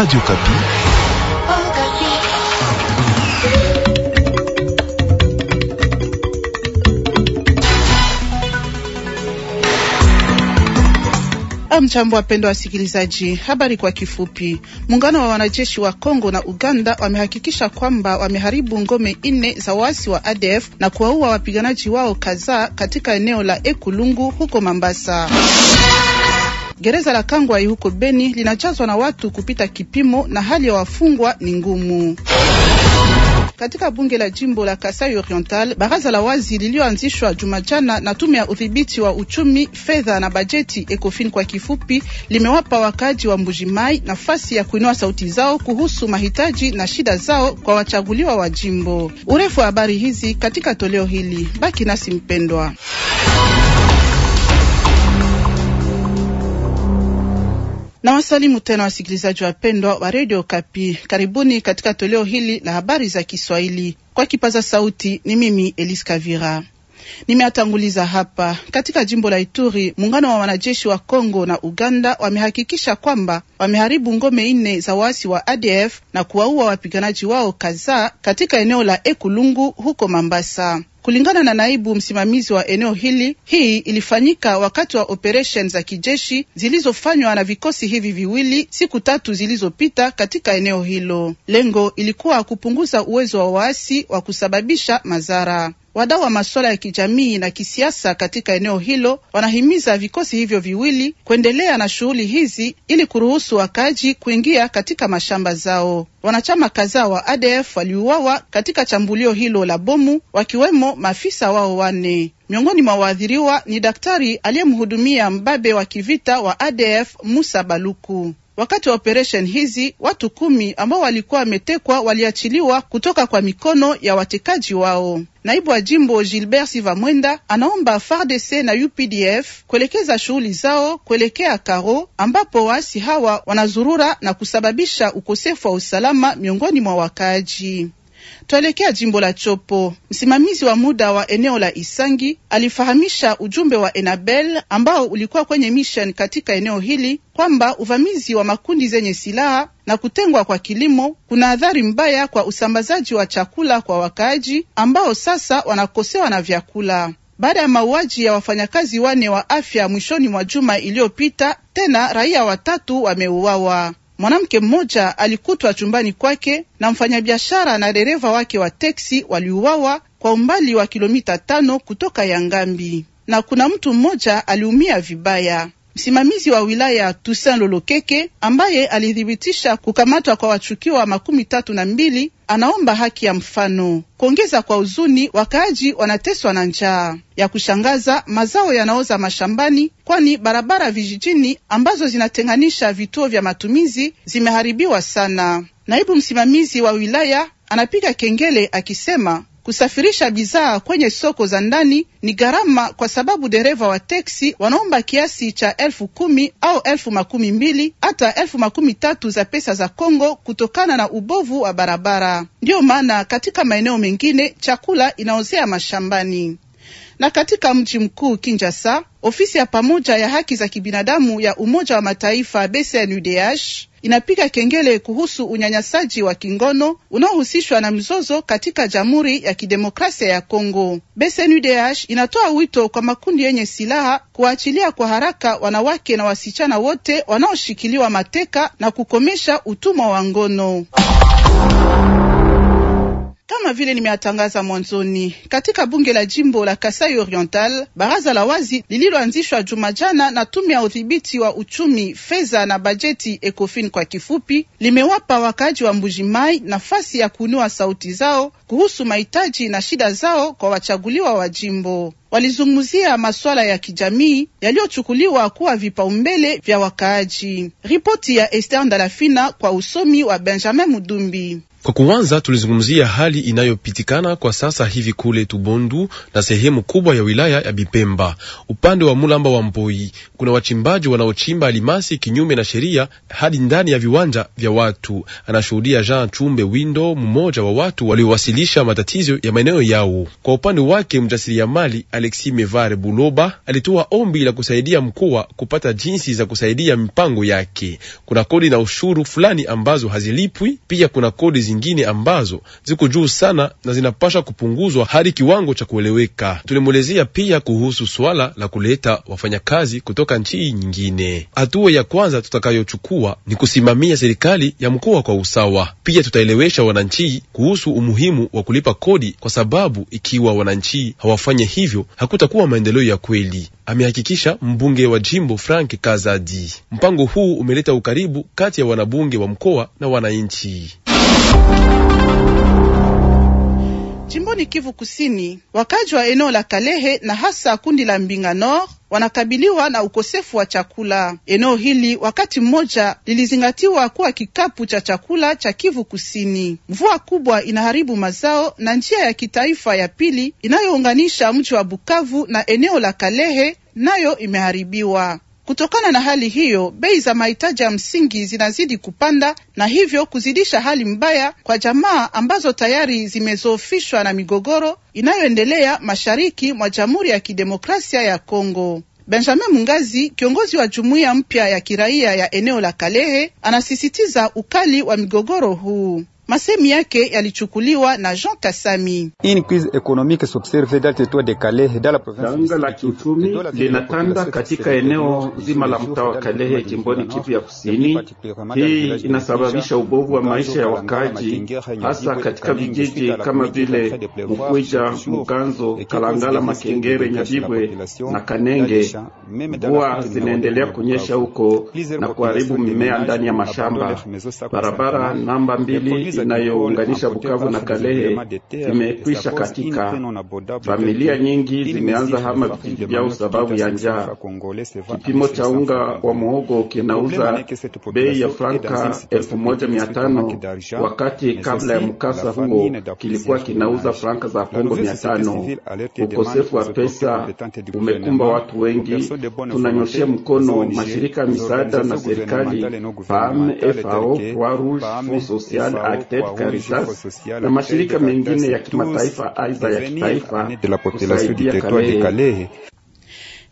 Radio Kapi. Amjambo, wapendwa wasikilizaji, habari kwa kifupi. Muungano wa wanajeshi wa Kongo na Uganda wamehakikisha kwamba wameharibu ngome nne za waasi wa ADF na kuwaua wapiganaji wao kadhaa katika eneo la Ekulungu huko Mambasa. Gereza la Kangwai huko Beni linachazwa na watu kupita kipimo na hali ya wafungwa ni ngumu. Katika bunge la jimbo la Kasai Oriental, baraza la wazi lilioanzishwa Jumajana na tume ya udhibiti wa uchumi, fedha na bajeti ECOFIN kwa kifupi, limewapa wakaaji wa Mbujimai nafasi ya kuinua sauti zao kuhusu mahitaji na shida zao kwa wachaguliwa wa jimbo. Urefu wa habari hizi katika toleo hili, baki nasi mpendwa. na wasalimu tena wasikilizaji wapendwa wa redio Kapi, karibuni katika toleo hili la habari za Kiswahili kwa kipaza sauti. Ni mimi Elis Kavira nimeatanguliza hapa. Katika jimbo la Ituri, muungano wa wanajeshi wa Kongo na Uganda wamehakikisha kwamba wameharibu ngome nne za waasi wa ADF na kuwaua wapiganaji wao kadhaa katika eneo la Ekulungu huko Mambasa. Kulingana na naibu msimamizi wa eneo hili, hii ilifanyika wakati wa operesheni za kijeshi zilizofanywa na vikosi hivi viwili siku tatu zilizopita katika eneo hilo. Lengo ilikuwa kupunguza uwezo wa waasi wa kusababisha madhara. Wadau wa masuala ya kijamii na kisiasa katika eneo hilo wanahimiza vikosi hivyo viwili kuendelea na shughuli hizi ili kuruhusu wakaji kuingia katika mashamba zao. Wanachama kadhaa wa ADF waliuawa katika chambulio hilo la bomu, wakiwemo maafisa wao wanne. Miongoni mwa waathiriwa ni daktari aliyemhudumia mbabe wa kivita wa ADF Musa Baluku. Wakati wa operesheni hizi watu kumi ambao walikuwa wametekwa waliachiliwa kutoka kwa mikono ya watekaji wao. Naibu wa jimbo Gilbert Sivamwenda anaomba FARDC na UPDF kuelekeza shughuli zao kuelekea Karo ambapo waasi hawa wanazurura na kusababisha ukosefu wa usalama miongoni mwa wakaaji. Tuelekea jimbo la Chopo. Msimamizi wa muda wa eneo la Isangi alifahamisha ujumbe wa Enabel ambao ulikuwa kwenye mission katika eneo hili kwamba uvamizi wa makundi zenye silaha na kutengwa kwa kilimo kuna athari mbaya kwa usambazaji wa chakula kwa wakaaji ambao sasa wanakosewa na vyakula baada ya mauaji ya wafanyakazi wane wa afya mwishoni mwa juma iliyopita. Tena raia watatu wameuawa. Mwanamke mmoja alikutwa chumbani kwake na mfanyabiashara na dereva wake wa teksi waliuawa kwa umbali wa kilomita tano kutoka Yangambi, na kuna mtu mmoja aliumia vibaya. Msimamizi wa wilaya Toussaint Lolokeke ambaye alithibitisha kukamatwa kwa wachukiwa makumi tatu na mbili anaomba haki ya mfano. Kuongeza kwa huzuni, wakaaji wanateswa na njaa ya kushangaza. Mazao yanaoza mashambani, kwani barabara vijijini ambazo zinatenganisha vituo vya matumizi zimeharibiwa sana. Naibu msimamizi wa wilaya anapiga kengele akisema Kusafirisha bidhaa kwenye soko za ndani ni gharama, kwa sababu dereva wa teksi wanaomba kiasi cha elfu kumi au elfu makumi mbili hata elfu makumi tatu za pesa za Kongo kutokana na ubovu wa barabara. Ndiyo maana katika maeneo mengine chakula inaozea mashambani na katika mji mkuu Kinshasa, ofisi ya pamoja ya haki za kibinadamu ya Umoja wa Mataifa BCNUDH inapiga kengele kuhusu unyanyasaji wa kingono unaohusishwa na mzozo katika Jamhuri ya Kidemokrasia ya Kongo. BCNUDH inatoa wito kwa makundi yenye silaha kuwaachilia kwa haraka wanawake na wasichana wote wanaoshikiliwa mateka na kukomesha utumwa wa ngono. Kama vile nimeatangaza mwanzoni, katika bunge la jimbo la Kasai Oriental, baraza la wazi lililoanzishwa Jumajana na tume ya udhibiti wa uchumi, fedha na bajeti, ECOFIN kwa kifupi, limewapa wakaaji wa Mbujimai nafasi ya kuinua sauti zao kuhusu mahitaji na shida zao kwa wachaguliwa wa jimbo. Walizungumzia masuala ya kijamii yaliyochukuliwa kuwa vipaumbele vya wakaaji. Ripoti ya Esther Ndalafina kwa usomi wa Benjamin Mudumbi. Kwa kuanza tulizungumzia hali inayopitikana kwa sasa hivi kule Tubondu na sehemu kubwa ya wilaya ya Bipemba upande wa Mulamba wa Mboi. Kuna wachimbaji wanaochimba alimasi kinyume na sheria hadi ndani ya viwanja vya watu, anashuhudia Jean Chumbe Windo, mmoja wa watu waliowasilisha matatizo ya maeneo yao. Kwa upande wake, mjasiriamali Alexi Mevare Buloba alitoa ombi la kusaidia mkoa kupata jinsi za kusaidia mipango yake. Kuna kodi na ushuru fulani ambazo hazilipwi, pia kuna kodi zingine ambazo ziko juu sana na zinapasha kupunguzwa hadi kiwango cha kueleweka. Tulimwelezea pia kuhusu swala la kuleta wafanyakazi kutoka nchi nyingine. Hatua ya kwanza tutakayochukua ni kusimamia serikali ya mkoa kwa usawa. Pia tutaelewesha wananchi kuhusu umuhimu wa kulipa kodi, kwa sababu ikiwa wananchi hawafanye hivyo hakutakuwa maendeleo ya kweli, amehakikisha mbunge wa jimbo Frank Kazadi. Mpango huu umeleta ukaribu kati ya wanabunge wa mkoa na wananchi. Jimboni Kivu Kusini, wakaji wa eneo la Kalehe na hasa kundi la Mbinga Nord wanakabiliwa na ukosefu wa chakula. Eneo hili wakati mmoja lilizingatiwa kuwa kikapu cha chakula cha Kivu Kusini. Mvua kubwa inaharibu mazao na njia ya kitaifa ya pili inayounganisha mji wa Bukavu na eneo la Kalehe nayo imeharibiwa. Kutokana na hali hiyo, bei za mahitaji ya msingi zinazidi kupanda na hivyo kuzidisha hali mbaya kwa jamaa ambazo tayari zimezoofishwa na migogoro inayoendelea mashariki mwa Jamhuri ya Kidemokrasia ya Kongo. Benjamin Mungazi, kiongozi wa jumuiya mpya ya kiraia ya eneo la Kalehe, anasisitiza ukali wa migogoro huu. Masemi yake yalichukuliwa na Jean Kasami. Janga la kiuchumi linatanda katika eneo zima la mtaa wa Kalehe, jimboni Kivu ya Kusini. Hii inasababisha ubovu wa maisha ya wakaaji, hasa katika vijiji kama vile Mukwija, Muganzo, Kalangala, Makengere, Nyabibwe na Kanenge. Mvua zinaendelea kunyesha huko na kuharibu mimea ndani ya mashamba. Barabara namba mbili inayounganisha Bukavu na Kalehe imekwisha katika. Familia nyingi zimeanza hama vijiji vyao sababu ya njaa. Kipimo cha unga wa muhogo kinauza bei ya franka elfu moja mia tano wakati kabla ya mkasa huo kilikuwa kinauza franka za Kongo mia tano. Ukosefu wa pesa umekumba watu wengi. Tunanyoshea mkono mashirika ya misaada na serikali, PAM, FAO, Croix Rouge, Fonds Social, United Caritas na mashirika mengine ya kimataifa aidha ya kitaifa kusaidia Kalehe.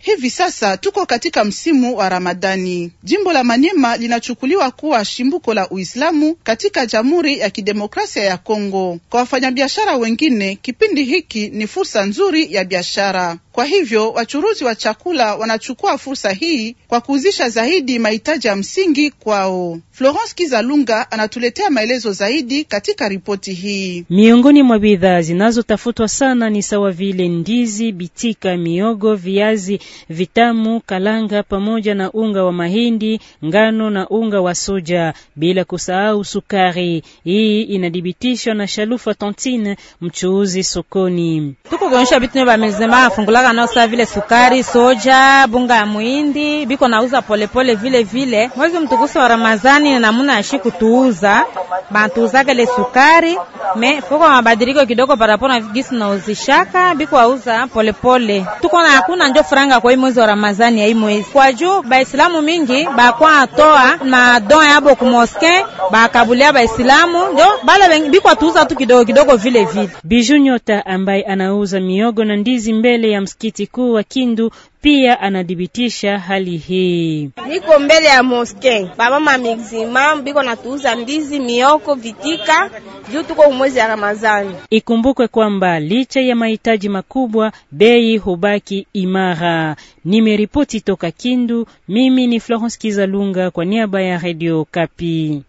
Hivi sasa tuko katika msimu wa Ramadhani. Jimbo la Manyema linachukuliwa kuwa shimbuko la Uislamu katika Jamhuri ya Kidemokrasia ya Kongo. Kwa wafanyabiashara wengine, kipindi hiki ni fursa nzuri ya biashara. Kwa hivyo wachuruzi wa chakula wanachukua fursa hii kwa kuuzisha zaidi mahitaji ya msingi kwao. Florence Kizalunga anatuletea maelezo zaidi katika ripoti hii. Miongoni mwa bidhaa zinazotafutwa sana ni sawa vile ndizi, bitika, miogo, viazi vitamu, kalanga pamoja na unga wa mahindi, ngano na unga wa soja, bila kusahau sukari. Hii inadhibitishwa na Shalufa Tontine, mchuuzi sokoni. Tuko kuonyesha wanaosa vile sukari, soja, bunga ya muhindi biko nauza polepole vile vile. Mwezi mtukufu wa Ramadhani namuna ashi kutuuza bantuuzake le sukari me poko mabadiliko kidogo parapo na gisi nauzishaka biko auza polepole, tuko na hakuna njo franga kwa hii mwezi wa Ramadhani ya hii mwezi kwa juu Baislamu mingi bakwa atoa madon yabo kumoske bakabulia Baislamu njo bala biko atuuza tu kidogo kidogo vile vile. Bijunyota ambaye anauza miogo na ndizi mbele ya msikiti kuu wa Kindu pia anadhibitisha hali hii. Niko mbele ya moske bamama mizima biko natuuza ndizi, mioko, vitika juu tuko mwezi ya Ramadhani. Ikumbukwe kwamba licha ya mahitaji makubwa, bei hubaki imara. Nimeripoti toka Kindu, mimi ni Florence Kizalunga kwa niaba ya Radio Kapi.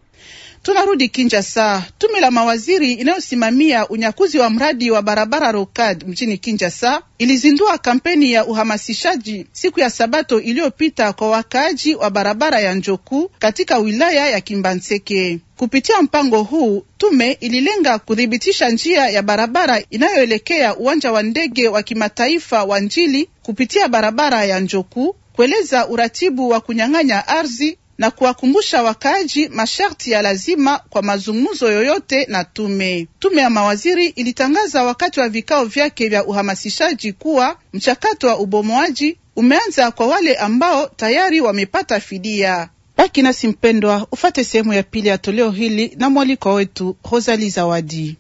Tunarudi Kinshasa. Tume la mawaziri inayosimamia unyakuzi wa mradi wa barabara rokad mjini Kinshasa ilizindua kampeni ya uhamasishaji siku ya Sabato iliyopita kwa wakaaji wa barabara ya Njoku katika wilaya ya Kimbanseke. Kupitia mpango huu, tume ililenga kuthibitisha njia ya barabara inayoelekea uwanja wa ndege wa kimataifa wa Njili kupitia barabara ya Njoku, kueleza uratibu wa kunyang'anya ardhi na kuwakumbusha wakaaji masharti ya lazima kwa mazungumzo yoyote na tume. Tume ya mawaziri ilitangaza wakati wa vikao vyake vya uhamasishaji kuwa mchakato wa ubomoaji umeanza kwa wale ambao tayari wamepata fidia. Baki nasi mpendwa, ufate sehemu ya pili ya toleo hili na mwaliko wetu Rosali Zawadi,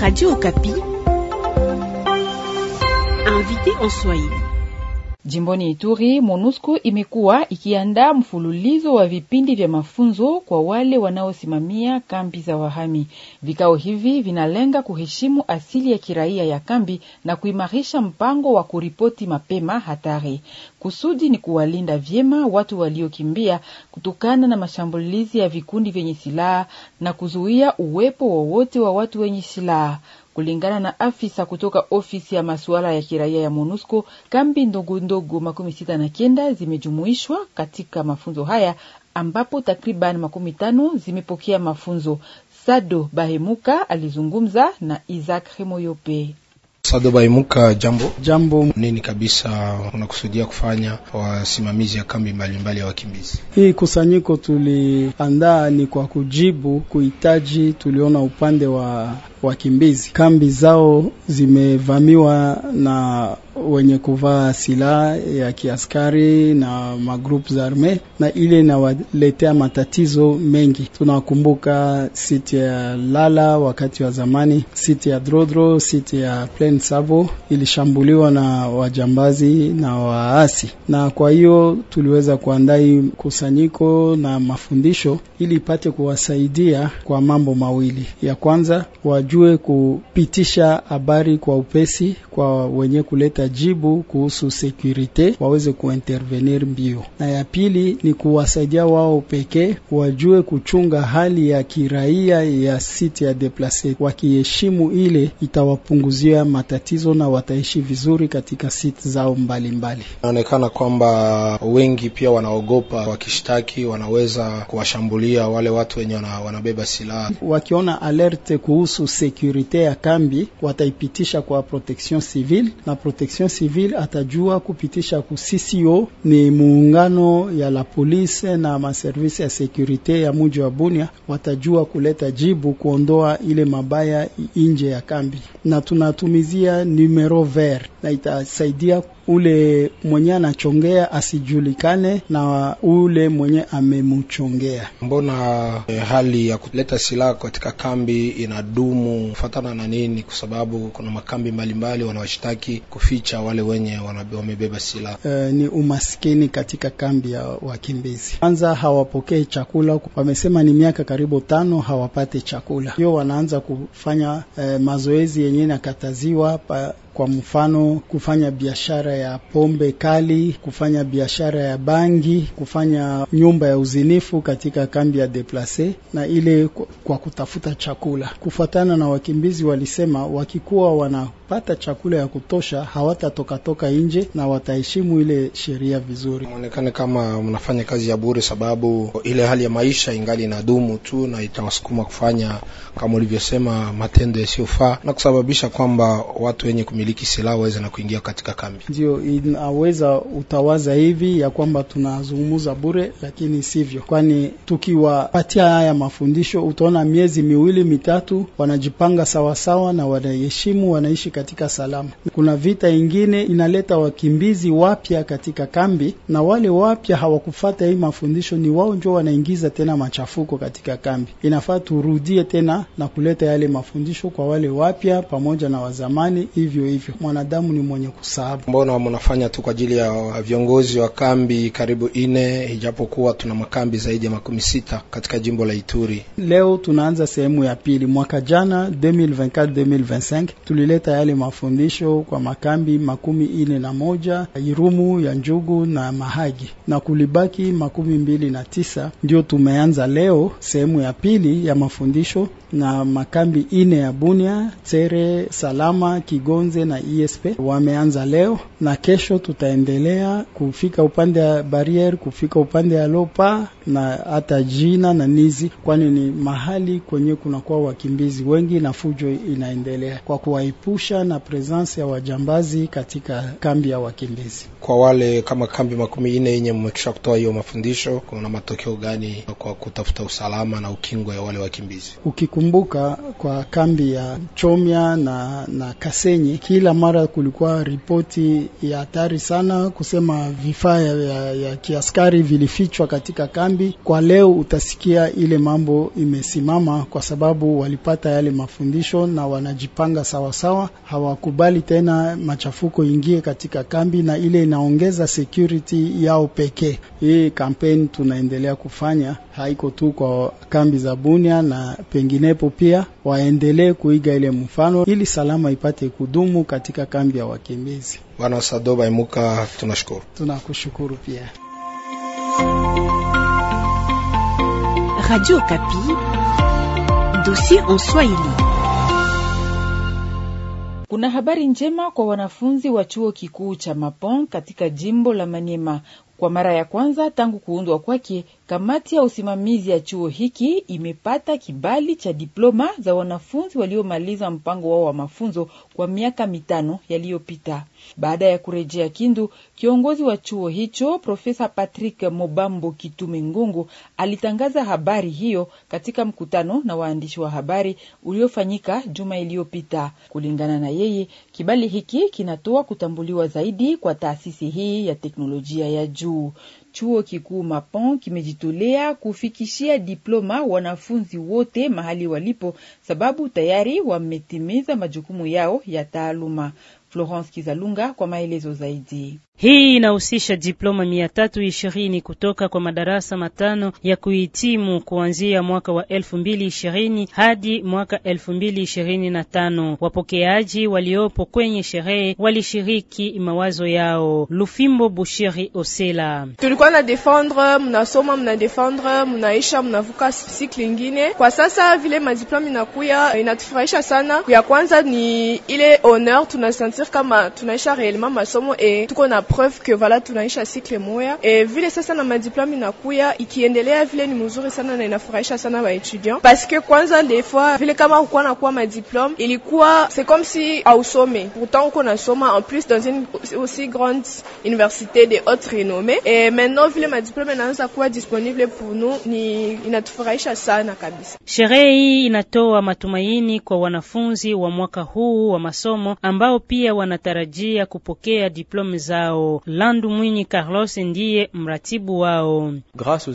Radio Okapi, invité en Swahili. Jimboni Ituri, MONUSCO imekuwa ikiandaa mfululizo wa vipindi vya mafunzo kwa wale wanaosimamia kambi za wahami. Vikao hivi vinalenga kuheshimu asili ya kiraia ya kambi na kuimarisha mpango wa kuripoti mapema hatari. Kusudi ni kuwalinda vyema watu waliokimbia kutokana na mashambulizi ya vikundi vyenye silaha na kuzuia uwepo wowote wa watu wenye silaha. Kulingana na afisa kutoka ofisi ya masuala ya kiraia ya MONUSCO, kambi ndogondogo makumi sita na kenda zimejumuishwa katika mafunzo haya, ambapo takriban makumi tano zimepokea mafunzo. Sado Bahemuka alizungumza na Isaac Hemoyope. Sado Baimuka, jambo. Jambo. Nini kabisa unakusudia kufanya wasimamizi ya kambi mbalimbali mbali ya wakimbizi? Hii kusanyiko tuliandaa ni kwa kujibu kuhitaji tuliona upande wa wakimbizi. Kambi zao zimevamiwa na wenye kuvaa silaha ya kiaskari na magrupu za arme, na ile inawaletea matatizo mengi. Tunakumbuka siti ya Lala wakati wa zamani, siti ya Drodro, siti ya Plain Savo ilishambuliwa na wajambazi na waasi, na kwa hiyo tuliweza kuandai kusanyiko na mafundisho ili ipate kuwasaidia kwa mambo mawili, ya kwanza waju tujue kupitisha habari kwa upesi kwa wenye kuleta jibu kuhusu sekurite, waweze kuintervenir mbio, na ya pili ni kuwasaidia wao pekee wajue kuchunga hali ya kiraia ya site ya deplase. Wakiheshimu ile, itawapunguzia matatizo na wataishi vizuri katika site zao mbalimbali. Inaonekana kwamba wengi pia wanaogopa, wakishtaki wanaweza kuwashambulia wale watu wenye wanabeba silaha, wakiona alerte kuhusu sekurite ya kambi wataipitisha kwa protection civile, na protection civile atajua kupitisha ku CCO, ni muungano ya la polise na maservisi ya sekurite ya muji wa Bunia, watajua kuleta jibu kuondoa ile mabaya inje ya kambi, na tunatumizia numero vert na itasaidia ule mwenye anachongea asijulikane na ule mwenye amemchongea. Mbona eh, hali ya kuleta silaha katika kambi inadumu kufatana na nini? Kwa sababu kuna makambi mbalimbali wanawashtaki kuficha wale wenye wamebeba silaha. Eh, ni umaskini katika kambi ya wakimbizi. Kwanza hawapokee chakula, wamesema ni miaka karibu tano hawapate chakula, hiyo wanaanza kufanya eh, mazoezi yenyewe nakataziwa kwa mfano kufanya biashara ya pombe kali, kufanya biashara ya bangi, kufanya nyumba ya uzinifu katika kambi ya deplace na ile kwa kutafuta chakula. Kufuatana na wakimbizi walisema, wakikuwa wanapata chakula ya kutosha hawatatokatoka nje na wataheshimu ile sheria vizuri. Muonekane kama mnafanya kazi ya bure, sababu ile hali ya maisha ingali inadumu tu na itawasukuma kufanya kama ulivyosema matendo yasiyofaa na kusababisha kwamba watu wenye kumili wanamiliki silaha waweze na kuingia katika kambi. Ndio inaweza utawaza hivi ya kwamba tunazungumza bure, lakini sivyo, kwani tukiwapatia haya mafundisho utaona miezi miwili mitatu wanajipanga sawasawa sawa, na wanaheshimu, wanaishi katika salama. Kuna vita ingine inaleta wakimbizi wapya katika kambi, na wale wapya hawakufata hii mafundisho, ni wao ndio wanaingiza tena machafuko katika kambi. Inafaa turudie tena na kuleta yale mafundisho kwa wale wapya pamoja na wazamani hivyo hivyo. Mwanadamu ni mwenye kusahau. Mbona mnafanya tu kwa ajili ya viongozi wa kambi karibu ine, ijapokuwa tuna makambi zaidi ya makumi sita katika jimbo la Ituri. Leo tunaanza sehemu ya pili. Mwaka jana 2024 2025 tulileta yale mafundisho kwa makambi makumi ine na moja Irumu ya Njugu na Mahagi na kulibaki makumi mbili na tisa. Ndio tumeanza leo sehemu ya pili ya mafundisho na makambi ine ya Bunia, Tere, Salama, Kigonzi tuanze na ISP, e wameanza leo na kesho tutaendelea kufika upande ya barriere, kufika upande ya Lopa na hata jina na Nizi, kwani ni mahali kwenye kunakuwa wakimbizi wengi na fujo inaendelea, kwa kuwaepusha na presence ya wajambazi katika kambi ya wakimbizi. Kwa wale kama kambi makumi nne yenye mmekisha kutoa hiyo mafundisho, kuna matokeo gani kwa kutafuta usalama na ukingo ya wale wakimbizi? Ukikumbuka kwa kambi ya Chomya na, na Kasenyi kila mara kulikuwa ripoti ya hatari sana kusema vifaa ya, ya kiaskari vilifichwa katika kambi. Kwa leo utasikia ile mambo imesimama, kwa sababu walipata yale mafundisho na wanajipanga sawasawa. Hawakubali tena machafuko ingie katika kambi, na ile inaongeza security yao pekee. Hii kampeni tunaendelea kufanya haiko tu kwa kambi za Bunia na penginepo, pia waendelee kuiga ile mfano, ili salama ipate kudumu katika kambi ya wakimbizi. Bwana Sado Baimuka, tunashukuru. Tunakushukuru pia. Radio Kapi, dossier en Swahili. Kuna habari njema kwa wanafunzi wa chuo kikuu cha Mapon katika jimbo la Maniema. Kwa mara ya kwanza tangu kuundwa kwake, Kamati ya usimamizi ya chuo hiki imepata kibali cha diploma za wanafunzi waliomaliza mpango wao wa mafunzo kwa miaka mitano yaliyopita. Baada ya kurejea Kindu, kiongozi wa chuo hicho Profesa Patrick Mobambo Kitume Ngungu alitangaza habari hiyo katika mkutano na waandishi wa habari uliofanyika juma iliyopita. Kulingana na yeye, kibali hiki kinatoa kutambuliwa zaidi kwa taasisi hii ya teknolojia ya juu. Chuo Kikuu Mapon kimejitolea kufikishia diploma wanafunzi wote mahali walipo, sababu tayari wametimiza majukumu yao ya taaluma. Florence Kizalunga kwa maelezo zaidi. Hii inahusisha diploma 320 kutoka kwa madarasa matano ya kuhitimu kuanzia mwaka wa 2020 hadi mwaka 2025. Wapokeaji waliopo kwenye sherehe walishiriki mawazo yao. Lufimbo Bushiri Osela: tulikuwa na defendre, mnasoma mna defendre, mnaisha mnavuka sikli ingine. Kwa sasa vile madiploma inakuya inatufurahisha sana. Ya kwanza ni ile honneur, tunasentir kama tunaisha reellement masomo e tuko na preuve ke vala tunaisha sikle moya e, vile sasa na madiplome inakuya ikiendelea vile ni mzuri sana na inafurahisha sana ba etudiant paske kwanza fois vile kama ukuwa nakuwa madiplome ilikuwa c'est comme si ausome pourtant uko nasoma en plus dans une aussi grande université de haute renommée et maintenant vile madiplome inaanza kuwa disponible pour nous ni inatufurahisha sana kabisa. Sherehe hii inatoa matumaini kwa wanafunzi wa mwaka huu wa masomo ambao pia wanatarajia kupokea diplomi zao yao. Landu Mwinyi Carlos ndiye mratibu wao.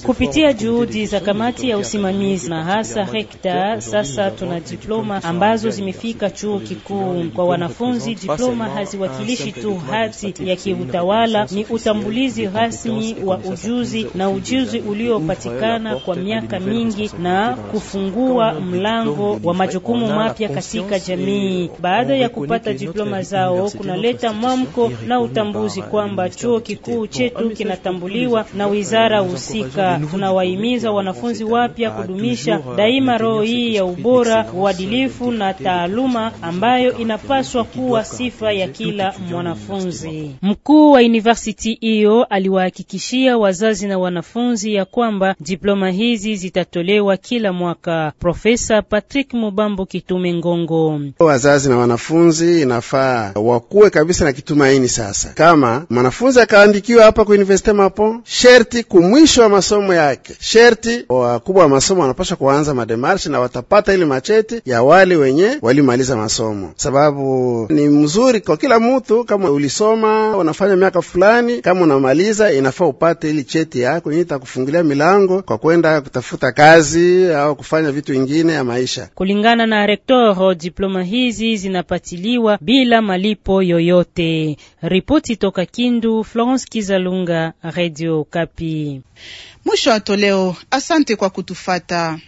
Kupitia juhudi za kamati ya usimamizi na hasa rekta, sasa tuna diploma ambazo zimefika chuo kikuu kwa wanafunzi. Diploma haziwakilishi uh, tu hati ya kiutawala, ni utambulizi rasmi wa ujuzi na ujuzi uliopatikana kwa miaka mingi na kufungua mlango wa majukumu mapya katika jamii. Baada ya kupata diploma zao kunaleta mwamko na utambuzi kwamba chuo kikuu chetu kinatambuliwa na wizara husika. Tunawahimiza wanafunzi wapya kudumisha daima roho hii ya ubora, uadilifu na taaluma ambayo inapaswa kuwa sifa ya kila mwanafunzi. Mkuu wa university hiyo aliwahakikishia wazazi na wanafunzi ya kwamba diploma hizi zitatolewa kila mwaka. Profesa Patrick Mubambo Kitume Ngongo: wazazi na wanafunzi inafaa wakuwe kabisa na kitumaini sasa, kama mwanafunzi akaandikiwa hapa ku Universite Mapon, sherti kumwisho wa masomo yake, sherti wakubwa wa masomo wanapaswa kuanza mademarshi na watapata ile macheti ya wale wenye walimaliza masomo, sababu ni mzuri kwa kila mutu Kama ulisoma unafanya miaka fulani, kama unamaliza, inafaa upate ili cheti yako yenye itakufungulia milango kwa kwenda kutafuta kazi au kufanya vitu vingine ya maisha. Kulingana na rektor, diploma hizi zinapatiliwa bila malipo yoyote. Ripoti toka Kindu, Florence Kizalunga, Radio Kapi. Mwisho wa toleo. Asante kwa kutufata.